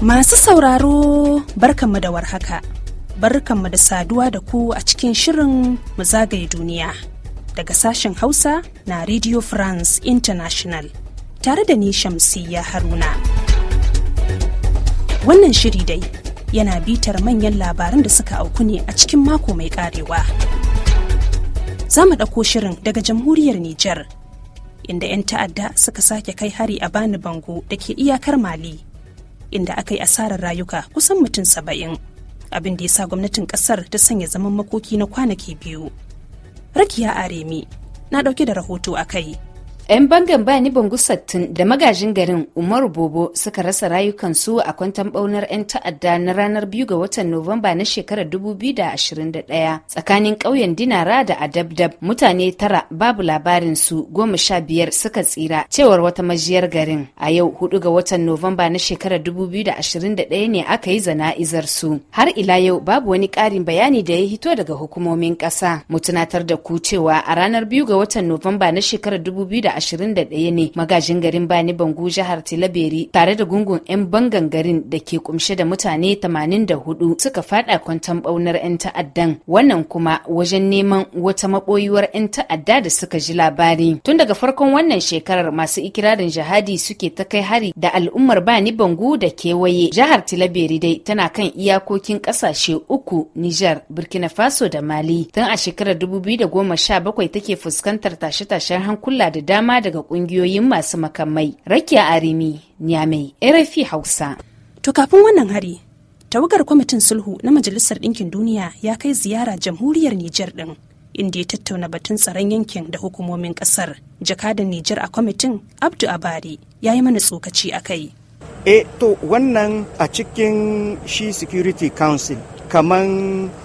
Masu sauraro barkanmu da warhaka, barkanmu da saduwa da ku a cikin shirin mu zagaye duniya daga sashen Hausa na Radio France International tare da ni Shamsiyya Haruna. Wannan shiri dai yana bitar manyan labaran da suka auku ne a cikin mako mai karewa. Za mu ɗauko shirin daga jamhuriyar Nijar, inda 'yan ta'adda suka sake kai hari a bani bango da ke iyakar Mali. inda aka yi asarar rayuka kusan mutum saba'in abin da ya sa gwamnatin kasar ta sanya zaman makoki na kwanaki biyu rakiya aremi na dauke da rahoto a kai 'yan bangan bani bangu sattin da magajin garin umaru bobo suka rasa rayukansu a kwantan baunar 'yan ta'adda na ranar biyu ga watan nuwamba na shekarar 2021 tsakanin ƙauyen dinara da adabdab mutane tara babu labarin su goma sha biyar suka tsira cewar wata majiyar garin a yau hudu ga watan nuwamba na shekarar 2021 ne aka yi zana'izar su har ila yau babu wani ƙarin bayani da ya hito daga hukumomin ƙasa mu tunatar da ku cewa a ranar biyu ga watan nuwamba na shekarar 2021 21 ne magajin garin Bani Bangu jihar Tilaberi tare da gungun 'yan bangan garin da ke kumshe da mutane 84 suka fada kwantan baunar 'yan ta'addan wannan kuma wajen neman wata maboyuwar 'yan ta'adda da suka ji labari. Tun daga farkon wannan shekarar masu ikirarin jihadi suke ta kai hari da al'ummar Bani Bangu da kewaye. Jihar Tilaberi dai tana kan iyakokin kasashe uku Nijar, Burkina Faso da Mali. Tun a shekarar 2017 take fuskantar tashe-tashen hankula da dama dama daga kungiyoyin masu makamai. Rakiya Arimi, Niamey, RFI Hausa. To kafin wannan hari, tawagar kwamitin sulhu na Majalisar Ɗinkin Duniya ya kai ziyara jamhuriyar Nijar ɗin. inda ya tattauna batun tsaron yankin da hukumomin ƙasar jakadan Nijar a kwamitin Abdu Abari ya yi mana tsokaci a kai. E to wannan a cikin shi Security Council kaman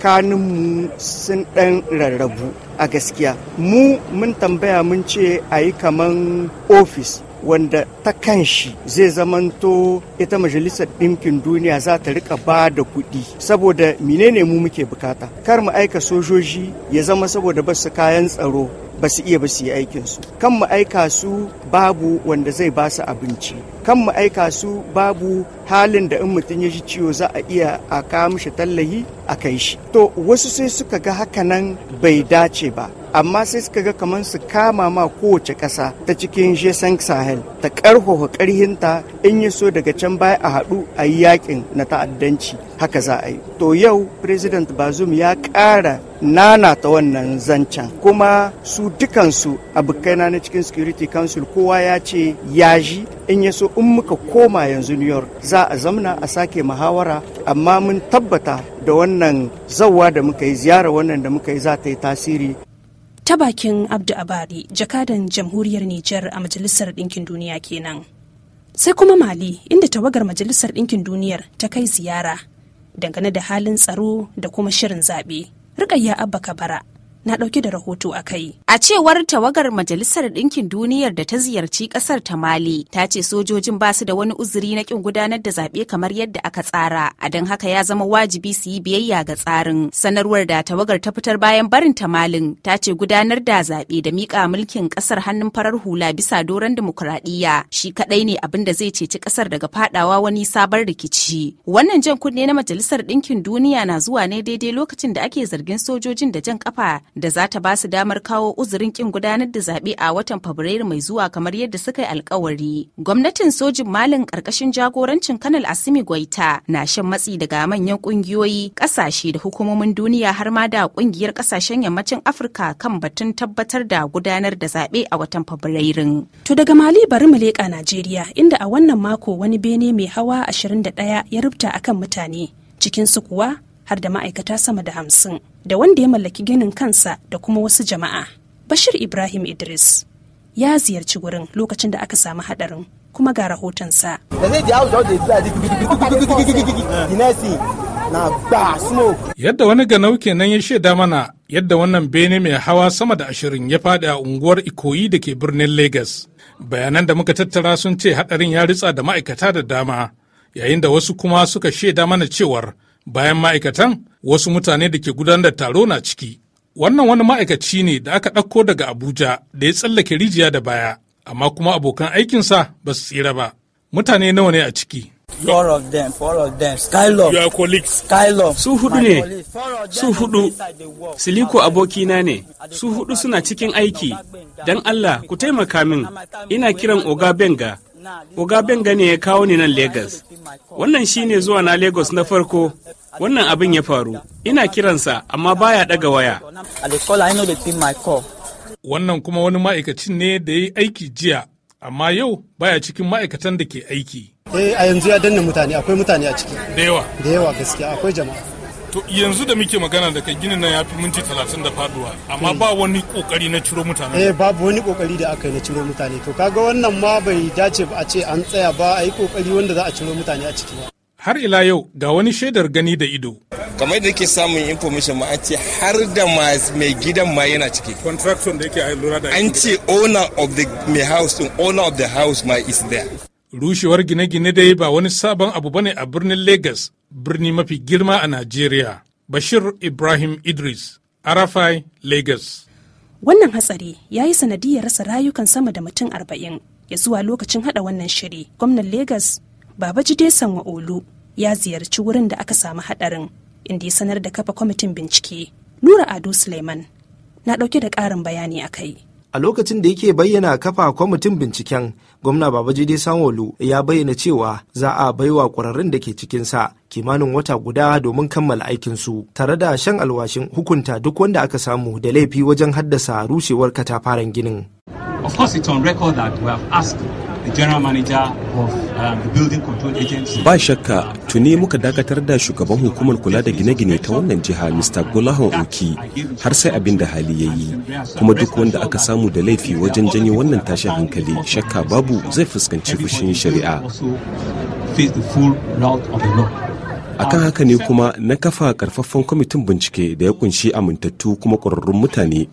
kanunmu sun ɗan rarrabu a gaskiya mu mun tambaya mun ce a yi kaman ofis wanda ta kan shi zai zamanto ita majalisar ɗinkin duniya za ta rika ba da kuɗi saboda menene mu muke bukata kar mu aika sojoji ya zama saboda basu kayan tsaro ba su iya ba su yi aikinsu kan mu aika su babu wanda zai ba su abinci kan mu aika su babu halin da in mutum ya ji ciwo za a iya a kawo mishi tallahi a kai shi to wasu sai suka ga hakanan bai dace ba amma sai suka ga kamar su kama ma kowace ƙasa ta cikin g Sahel ta ƙarfafa ƙarhinta in ya so daga can baya a haɗu a yi yakin na ta'addanci haka za a yi. To yau President bazum ya ƙara nana ta wannan zancen kuma su dukansu a abokaina na cikin Security Council kowa ya ce ya ji in ya so in muka koma yanzu New York za a zamna a sake muhawara amma mun tabbata da wannan zawa da muka yi ziyara wannan da muka yi za ta yi tasiri ta bakin abdu abari jakadan jamhuriyar nijar a majalisar ɗinkin duniya kenan sai kuma mali inda tawagar majalisar ɗinkin duniyar ta kai ziyara dangane da halin tsaro da kuma shirin zaɓe rikayya abba kabara na ɗauki da rahoto a kai. A cewar tawagar Majalisar Ɗinkin Duniyar da ta ziyarci ƙasar ta Mali ta ce sojojin basu da wani uzuri na ƙin gudanar da zaɓe kamar yadda aka tsara, a don haka ya zama wajibi su yi biyayya ga tsarin. Sanarwar da tawagar ta fitar bayan barin ta Malin ta ce gudanar da zaɓe da miƙa mulkin ƙasar hannun farar hula bisa doron dimokuraɗiyya shi kaɗai ne abin da zai ceci ƙasar daga faɗawa wani sabon rikici. Wannan jan kunne na Majalisar Ɗinkin Duniya na zuwa ne daidai lokacin da ake zargin sojojin da jan kafa da za ta ba su damar kawo uzurin kin gudanar da zaɓe a watan Fabrairu mai zuwa kamar yadda suka yi alkawari. Gwamnatin sojin Malin ƙarƙashin jagorancin Kanal Asimi Gwaita na shan matsi daga manyan ƙungiyoyi, ƙasashe da hukumomin duniya har ma da ƙungiyar ƙasashen yammacin Afirka kan batun tabbatar da gudanar da zaɓe a watan fabrairu. To daga Mali bari mu leƙa Najeriya inda a wannan mako wani bene mai hawa 21 ya rubuta akan mutane. cikinsu kuwa har da ma'aikata sama da hamsin da wanda ya mallaki ginin kansa da kuma wasu jama'a bashir ibrahim idris ya ziyarci wurin lokacin da aka samu hadarin kuma ga rahotonsa yadda wani ganau kenan ya shaida mana yadda wannan bene mai hawa sama da ashirin ya faɗi a unguwar ikoyi da ke birnin lagos bayanan da muka tattara sun ce hadarin ya ritsa da ma'aikata da dama yayin da wasu kuma suka shaida mana cewar Bayan ma'aikatan, wasu mutane da ke gudanar da taro na ciki. Wannan wani ma'aikaci ne da aka ɗauko daga Abuja da ya tsallake rijiya da baya, amma kuma abokan aikinsa ba su tsira ba. Mutane nawa ne a ciki? of them, Su hudu ne. Su hudu. Siliko abokina ne. Su hudu suna cikin aiki. don Allah ku taimaka min. Ina kiran Oga Benga. Oga ne ya kawo ni nan Legas. Wannan shi ne zuwa na Legas na farko, wannan abin ya faru. Ina kiransa amma baya ɗaga waya. Wannan kuma wani ma'aikacin ne da ya yi aiki jiya, amma yau baya cikin ma'aikatan da ke aiki. Eh a yanzu ya danna mutane, akwai mutane a ciki. Da yawa. Da yawa gaskiya, akwai jama'a. to yanzu da muke magana da kai ginin nan ya fi minti talatin da faduwa amma ba wani kokari na ciro mutane eh babu wani kokari da aka yi na ciro mutane to kaga wannan ma bai dace ba a ce an tsaya ba a yi kokari wanda za a ciro mutane a ciki ba har ila yau ga wani shaidar gani da ido kamar da yake samun information ma an ce har da mai gidan ma yana ciki contraction da yake lura da an ce owner of the me house din owner of the house ma is there rushewar gine-gine dai ba wani sabon abu bane a birnin lagos. birni mafi girma a Najeriya, Bashir Ibrahim Idris, Arafai, Lagos. Wannan hatsari ya yi sanadiyar rasa rayukan sama da mutum arba'in ya zuwa lokacin hada wannan shiri. Gwamnan Lagos, Jide Sanwa Olu, ya ziyarci wurin da aka samu hadarin, inda ya sanar da kafa kwamitin bincike. Nura Ado Suleiman na ɗauke da ƙarin bayani a kai. a lokacin da yake bayyana kafa kwamitin binciken gwamna babajide sanwo-olu ya bayyana cewa za a baiwa kwararrun da ke cikinsa kimanin wata guda domin kammala aikinsu tare da shan alwashin hukunta duk wanda aka samu da laifi wajen haddasa rushewar katafaren ginin of course it's on record that we have asked Um, ba shakka tuni muka dakatar da shugaban hukumar kula da gine-gine ta wannan jiha Mr. Gulahan Oki har sai abin da hali ya yi kuma duk wanda aka samu da laifi wajen janyo wannan tashin hankali shakka babu zai fuskanci fushin shari'a. akan haka ne kuma na kafa karfafan kwamitin bincike da ya kunshi amintattu kuma ƙwararrun mutane.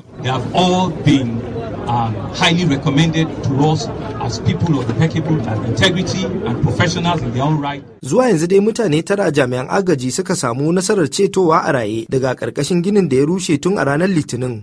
um, highly recommended to us as people of impeccable and integrity and professionals in their own right. Zuwa yanzu dai mutane tara jami'an agaji suka samu nasarar cetowa a raye daga karkashin ginin da ya rushe tun a ranar Litinin.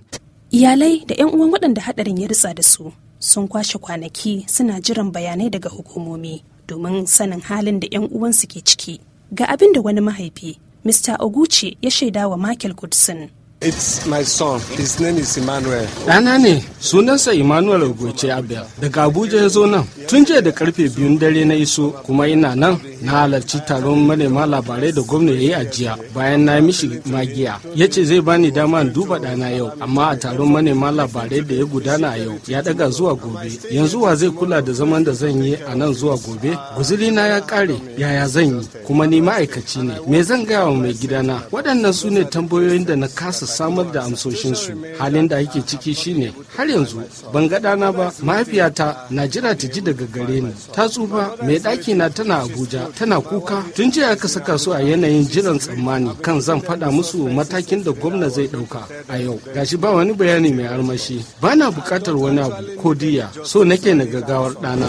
Iyalai da 'yan uwan waɗanda haɗarin ya ritsa da su sun kwashe kwanaki suna jiran bayanai daga hukumomi domin sanin halin da 'yan uwan suke ciki. Ga abin da wani mahaifi, Mr. Oguchi ya shaidawa Michael Goodson. It's my son. His name is Emmanuel. Ɗana ne, sunansa Emmanuel Ogoce Abel. Daga Abuja ya zo nan. Tun jiya da karfe biyun dare na iso kuma ina nan na halarci taron manema labarai da gwamna ya yi ajiya bayan na mishi magiya. Ya ce zai bani dama duba ɗana yau, amma a taron manema labarai da ya gudana a yau ya daga zuwa gobe. Yanzu wa zai kula da zaman da zan yi a nan zuwa gobe? Guzuri na ya kare. yaya zan yi? Kuma ni ma'aikaci ne. Me zan gaya wa mai gidana? Waɗannan su ne tambayoyin da na kasa samar da amsoshinsu halin da ake ciki shine har yanzu ban ga ɗana ba mahaifiyata na jira ta ji daga gare ni ta tsufa mai ɗaki na tana abuja tana kuka tun jiya aka saka su a yanayin jiran tsammani kan zan faɗa musu matakin da gwamna zai ɗauka a yau gashi ba wani bayani mai armashi bana na buƙatar wani abu ko diya so nake na gaggawar ɗana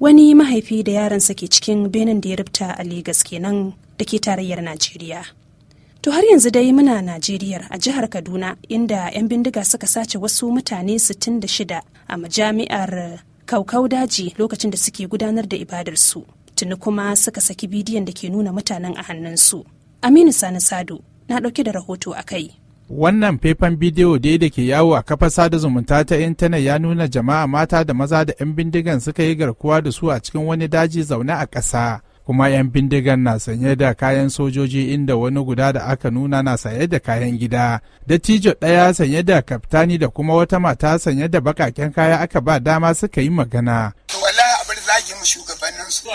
wani mahaifi da yaransa ke cikin benin da ya rubuta a Legas kenan da ke tarayyar Najeriya. To har yanzu dai muna Najeriya a jihar Kaduna inda 'yan bindiga suka sace wasu mutane 66 a majami'ar kaukau daji lokacin da suke gudanar da ibadarsu. Tuni kuma suka saki bidiyon da ke nuna mutanen a hannunsu. Aminu Sani Sado na ɗauke da rahoto a kai. Wannan faifan bidiyo dai da ke yawo a kafar sada zumunta ta intanet ya nuna jama'a mata da maza da 'yan bindigan suka yi garkuwa da su a cikin wani daji zaune a ƙasa. kuma 'yan bindigan na sanye da kayan sojoji inda wani guda da aka nuna na sanye da kayan gida dattijo ɗaya sanye da kaftani da kuma wata mata sanye da bakaken kaya aka ba dama suka yi magana shugabanninsu.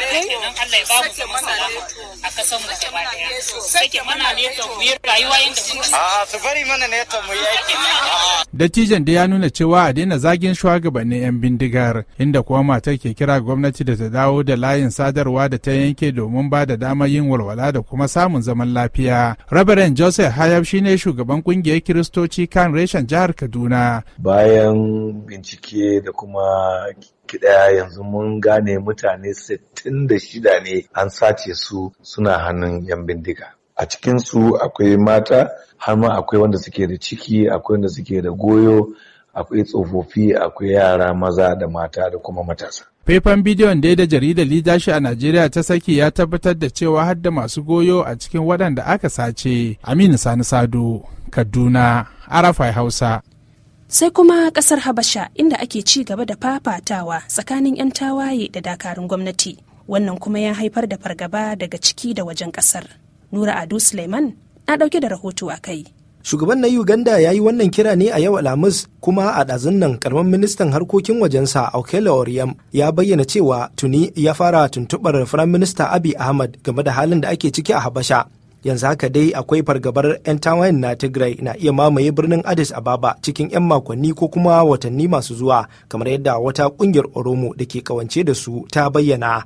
Dattijan da ya nuna cewa a daina zagin shugabannin 'yan bindigar inda kuwa matar ke kira gwamnati da ta dawo da layin sadarwa da ta yanke domin ba da damar yin walwala da kuma samun zaman lafiya. Reverend Joseph Hayab shine shugaban kungiyar Kiristoci kan reshen jihar Kaduna. Bayan bincike da kuma baki daya yanzu mun gane mutane 66 ne an sace su suna hannun yan bindiga a cikinsu akwai mata har ma akwai wanda suke da ciki akwai wanda suke da goyo akwai tsofaffi akwai yara maza da mata da kuma matasa faifan bidiyon da da jaridar lidashi a najeriya ta saki ya tabbatar da cewa har da masu goyo a cikin waɗanda aka sace aminu sani sado kaduna arafai hausa sai kuma kasar habasha inda ake ci gaba da fafatawa tsakanin 'yan tawaye da dakarun gwamnati wannan kuma ya haifar da fargaba daga ciki da wajen kasar nura adu suleiman na dauke da rahoto a kai shugaban na uganda ya yi wannan kira ne a yau alhamis kuma a ɗazun nan karamin ministan harkokin wajensa aukela oriyam ya bayyana cewa tuni ya fara tuntuɓar firaminista minista abi ahmad game da halin da ake ciki a habasha yanzu haka dai akwai fargabar 'yan tawayen na tigray na iya mamaye birnin addis ababa cikin 'yan makonni ko kuma watanni masu zuwa kamar yadda wata kungiyar oromo da ke kawance da su ta bayyana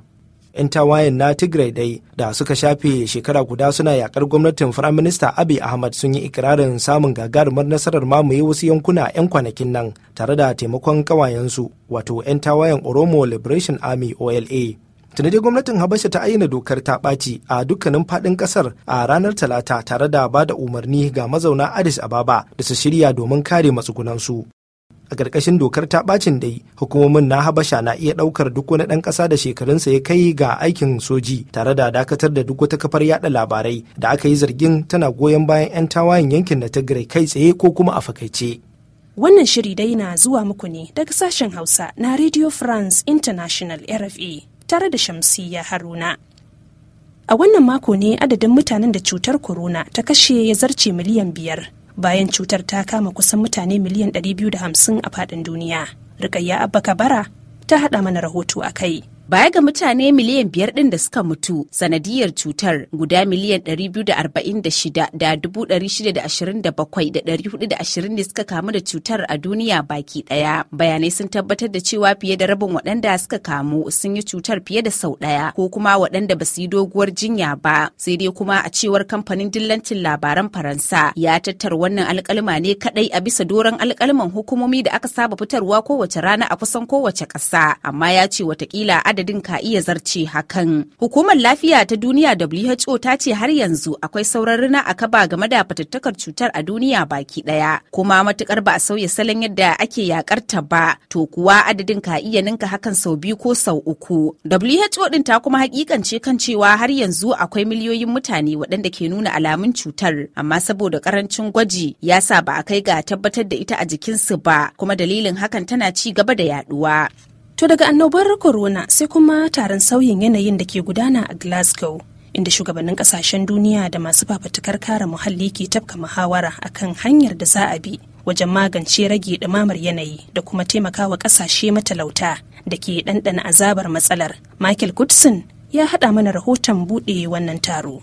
'yan tawayen na tigray dai da suka shafe shekara guda suna yakar gwamnatin firaminista abiy ahmad sun yi ikirarin samun gagarumar nasarar mamaye wasu yankuna 'yan kwanakin nan tare da taimakon kawayensu wato 'yan tawayen oromo liberation army ola tunade gwamnatin habasha ta ayyana dokar ta ɓaci a dukkanin faɗin ƙasar a ranar talata tare da ba da umarni ga mazauna addis ababa da su shirya domin kare matsugunansu a ƙarƙashin dokar ta ɓacin dai hukumomin na habasha na iya ɗaukar duk wani ɗan ƙasa da shekarunsa ya kai ga aikin soji tare da dakatar da duk wata kafar yada labarai da aka yi zargin tana goyon bayan 'yan tawayen yankin na tigray kai tsaye ko kuma a fakaice wannan shiri dai na zuwa muku ne daga sashen hausa na radio france international rfa tare da Shamsiyya Haruna. A wannan mako ne adadin mutanen da cutar corona ta kashe ya zarce miliyan biyar bayan cutar ta kama kusan mutane miliyan 250 a faɗin duniya. Rikayya Abba Kabara ta haɗa mana rahoto a kai. Baya ga mutane miliyan biyar ɗin da suka mutu sanadiyar cutar guda miliyan da da ashirin ne suka kamu da cutar a duniya baki ɗaya. Bayanai sun tabbatar da cewa fiye da rabin waɗanda suka kamu sun yi cutar fiye da sau ɗaya ko kuma waɗanda ba su yi doguwar jinya ba. Sai dai kuma a cewar kamfanin dillancin labaran Faransa ya tattar wannan alkalma ne kaɗai a bisa doron alkalman hukumomi da aka saba fitarwa kowace rana a kusan kowace ƙasa. Amma ya ce watakila adadin ka iya zarce hakan. Hukumar lafiya ta duniya WHO ta ce har yanzu akwai sauran rina a kaba game da fatattakar cutar a duniya baki daya. Kuma matukar ba a sauya salon yadda ake yakar ta ba, to kuwa adadin ka iya ninka hakan sau biyu ko sau uku. WHO din ta kuma hakikance kan cewa har yanzu akwai miliyoyin mutane waɗanda ke nuna alamun cutar, amma saboda karancin gwaji ya sa ba a kai ga tabbatar da ita a jikinsu ba, kuma dalilin hakan tana ci gaba da yaduwa. To daga annobar corona sai kuma taron sauyin yanayin da ke gudana a Glasgow. inda shugabannin kasashen duniya da masu fafatukar kare muhalli ke tafka muhawara akan hanyar da za a bi wajen magance rage ɗumamar yanayi da kuma taimakawa kasashe matalauta da ke ɗanɗana azabar matsalar michael goodson ya haɗa mana rahoton buɗe wannan taro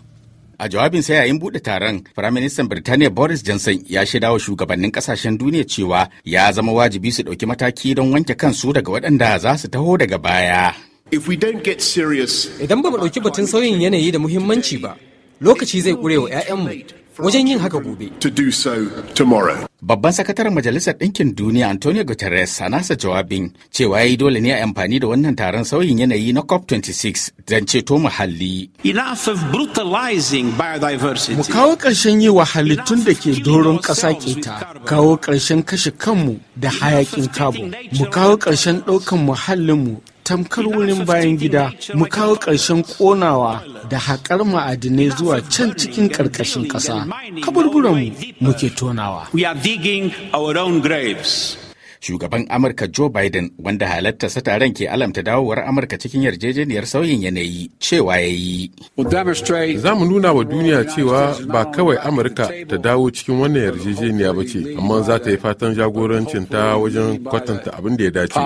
A jawabinsa yayin buɗe taron, Firaministan Birtaniya Boris Johnson ya shaida wa shugabannin ƙasashen duniya cewa ya zama wajibi su ɗauki mataki don wanke kansu daga waɗanda za su taho daga baya. Idan ba mu ɗauki batun sauyin yanayi da muhimmanci ba, lokaci zai ƙure wa 'ya'yanmu wajen yin haka gobe. Babban sakataren Majalisar Ɗinkin Duniya Antonio Guterres a nasa jawabin cewa ya yi dole ne a amfani da wannan taron sauyin yanayi na COP26 don ceto muhalli. Mu kawo ƙarshen yi wa halittun da ke doron ƙasa keta, kawo ƙarshen kashe kanmu da hayaƙin carbon, mu kawo ƙarshen ɗaukan muhallinmu tamkar wurin bayan gida mu kawo ƙarshen ƙonawa da haƙar ma'adinai zuwa can cikin ƙarƙashin ƙasa mu, muke tonawa. We are digging our own graves. shugaban amurka joe biden wanda halartarsa taron ke alamta dawowar amurka cikin yarjejeniyar sauyin yanayi cewa ya yi za mu nuna wa duniya cewa ba kawai amurka ta dawo cikin wannan yarjejeniya ba ce amma za ta yi fatan jagorancin ta wajen kwatanta abin da ya dace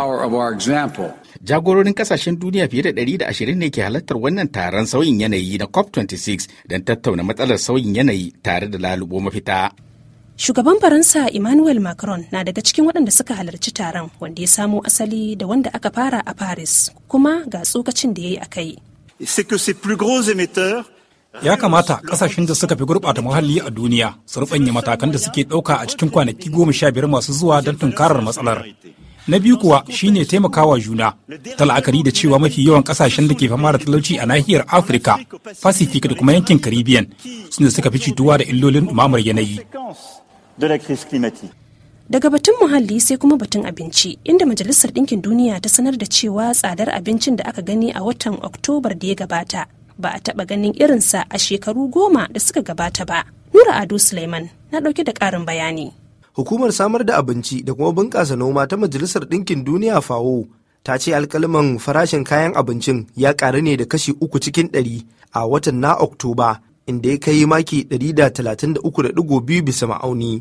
jagororin kasashen duniya fiye da 120 ne ke halartar wannan taron sauyin yanayi na cop 26 don tattauna matsalar sauyin yanayi tare da lalubo mafita Shugaban Faransa Emmanuel Macron na daga cikin waɗanda suka halarci taron wanda ya samo asali da wanda aka fara a Paris kuma ga tsokacin da ya yi a kai. Ya kamata kasashen da suka fi gurɓata muhalli a duniya su rubanya matakan da suke ɗauka a cikin kwanaki goma sha biyar masu zuwa don tunkarar matsalar. Na biyu kuwa shine taimakawa juna, ta la'akari da cewa mafi yawan ƙasashen da ke fama da talauci a nahiyar Afirka, Pacific da kuma yankin Caribbean, suna suka fi cutuwa da illolin ɗumamar yanayi. de la crise climatique. Daga batun muhalli sai kuma batun abinci, inda Majalisar Ɗinkin Duniya ta sanar da cewa tsadar abincin da aka gani a watan Oktobar da ya gabata ba a taɓa ganin irinsa a shekaru goma da suka gabata ba. Nura Ado Suleiman na ɗauke da ƙarin bayani. Hukumar samar da abinci da kuma bunƙasa noma ta Majalisar Ɗinkin Duniya FAO ta ce alkaliman farashin kayan abincin ya ƙaru ne da kashi uku cikin ɗari a watan na Oktoba inda ya kai maki 133.2 bisa ma'auni.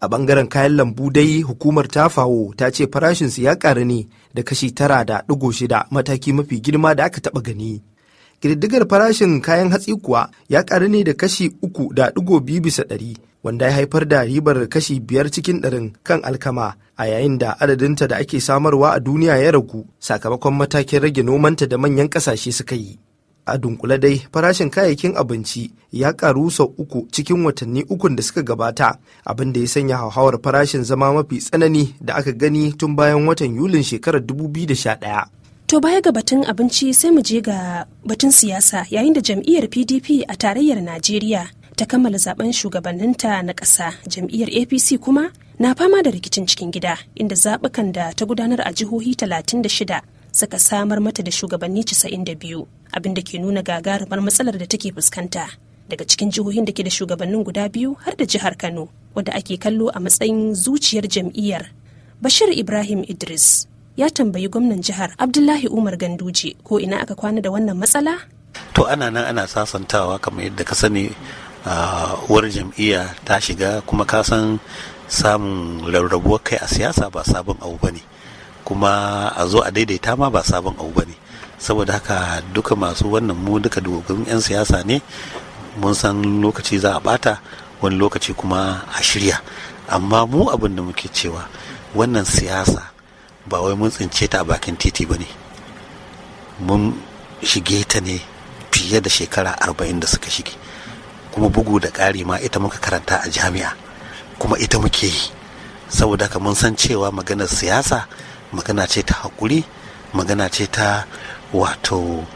A bangaren kayan lambu dai hukumar ta fawo, ta ce farashinsu ya ƙaru ne da kashi tara da ɗigo shida mataki mafi girma da aka taɓa gani. Ƙididdigar farashin kayan hatsi kuwa ya ƙaru ne da kashi uku da ɗigo biyu bisa ɗari wanda ya haifar da ribar kashi biyar cikin ɗarin kan alkama a yayin da adadinta da ake samarwa a duniya ya ragu sakamakon matakin rage nomanta da manyan ƙasashe suka yi. a dunkule dai farashin kayayyakin abinci ya karu sau uku cikin watanni uku da suka gabata abin da ya sanya hauhawar farashin zama mafi tsanani da aka gani tun bayan watan yulin shekarar 2011 To baya ga batun abinci sai mu je ga batun siyasa yayin da jam'iyyar PDP a tarayyar Najeriya ta kammala zaben shugabanninta na ƙasa jam'iyyar APC kuma na fama da rikicin cikin gida inda zaɓukan da ta gudanar a jihohi shida. suka samar mata da shugabanni 92 abin da ke nuna gagarumar matsalar da take fuskanta daga cikin jihohin da ke da shugabannin guda biyu har da jihar kano wadda ake kallo a matsayin zuciyar jam'iyyar bashir ibrahim idris ya tambayi gwamnan jihar abdullahi umar ganduje ko ina aka kwana da wannan matsala to ana nan ana sasantawa kamar yadda ka sani uwar jam'iyya ta shiga kuma ka san samun rarrabuwar kai a siyasa ba sabon abu ba ne kuma a zo a daidaita ma ba sabon abu ba ne saboda haka duka masu wannan mu duka dogon 'yan siyasa ne mun san lokaci za a bata wani lokaci kuma a shirya amma mu abin da muke cewa wannan siyasa ba wai mun tsince ta a bakin titi ba ne mun shige ta ne fiye da shekara arba'in da suka shige kuma bugu da ƙari ma ita muka karanta a jami'a kuma ita muke yi saboda haka mun san cewa maganar siyasa magana ce ta haƙuri magana ce ta wato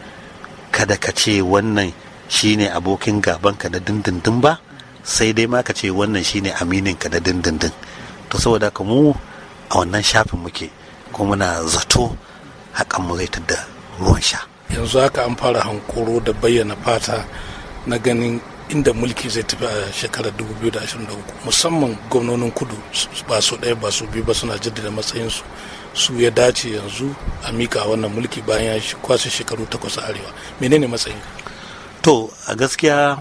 kada ka ce wannan shine abokin gaban ka da dindindin ba sai dai ma ka ce wannan shine amininka da dindindin to saboda ka mu a wannan shafin muke kuma na zato mu zai da ruwan sha yanzu haka an fara hankoro da bayyana fata na ganin inda mulki zai tafi a shekarar 2023 musamman gwamnonin kudu ba su ɗaya ba su biyu ba suna jaddada matsayinsu su ya dace yanzu a mika wannan mulki bayan ya kwashe shekaru takwas a arewa menene matsayin to a gaskiya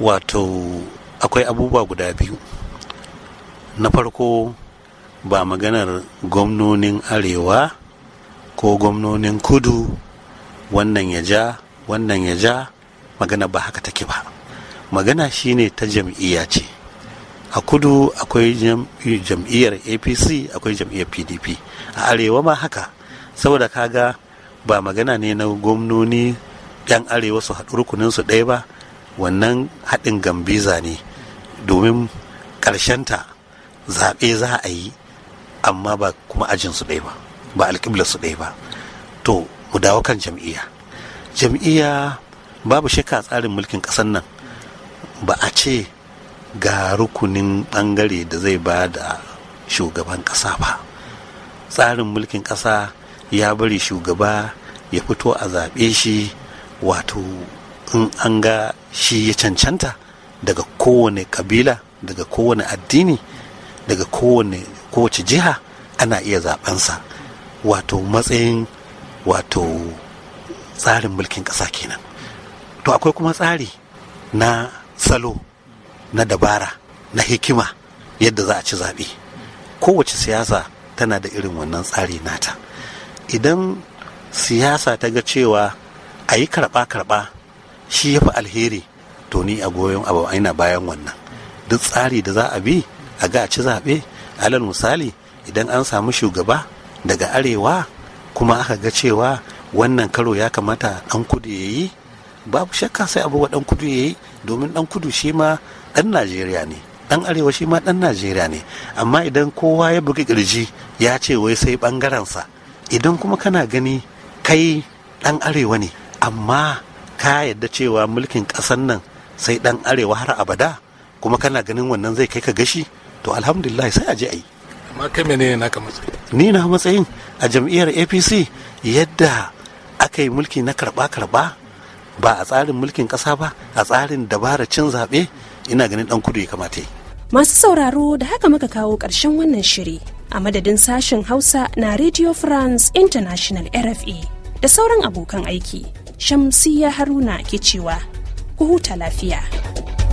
wato akwai abubuwa guda biyu na farko ba maganar gwamnonin arewa ko gwamnonin kudu wannan ya ja wannan ya ja magana ba haka take ba magana shine ta jam'iyya ce a kudu akwai jam'iyyar apc akwai jam'iyyar pdp a arewa ma haka saboda kaga ba magana ne na gwamnoni yan arewa su haɗu rukunin su ɗaya ba wannan haɗin gambiza ne domin ƙarshen ta zaɓe za a yi amma ba kuma ajin su ɗaya ba ba alƙiblar su ɗaya ba to mu dawo kan jam'iyya jam'iyya babu shakka tsarin mulkin ƙasar nan ba a ce ga rukunin bangare da zai ba da shugaban ƙasa ba tsarin mulkin ƙasa ya bari shugaba ya fito a zaɓe shi wato in an ga shi ya cancanta daga kowane kabila daga kowane addini daga kowane kowace jiha ana iya zaɓensa wato matsayin wato tsarin mulkin ƙasa kenan to akwai kuma tsari na salo na dabara na hikima yadda za a ci zaɓe kowace siyasa tana da irin wannan tsari nata idan siyasa ta ga cewa a yi karɓa-karɓa shi ya fi alheri to ni a goyon abu aina bayan wannan duk tsari da za a bi a ga a ci zaɓe alal misali idan an samu shugaba daga arewa kuma aka ga cewa wannan karo ya kamata ɗan kudu ya yi babu shakka sai abu wa ɗan kudu ya yi domin ɗan kudu shi ma ɗan najeriya ne ɗan arewa shi ma ɗan najeriya ne amma idan kowa ya bugi kirji ya ce wai sai ɓangarensa idan kuma kana gani kai ɗan arewa ne amma ka yadda cewa mulkin ƙasan nan sai ɗan arewa har abada kuma kana ganin wannan zai kai ka gashi to alhamdulillah sai a je a yi amma kai mene ne naka matsayi ni na matsayin a jam'iyyar apc yadda aka yi mulki na karba karba ba a tsarin mulkin ƙasa ba a tsarin dabarar cin zaɓe ina ganin dan kudu ya kamata yi masu sauraro da haka muka kawo ƙarshen wannan shiri a madadin sashen hausa na radio france international rfe da sauran abokan aiki shamsiya haruna ke cewa ku huta lafiya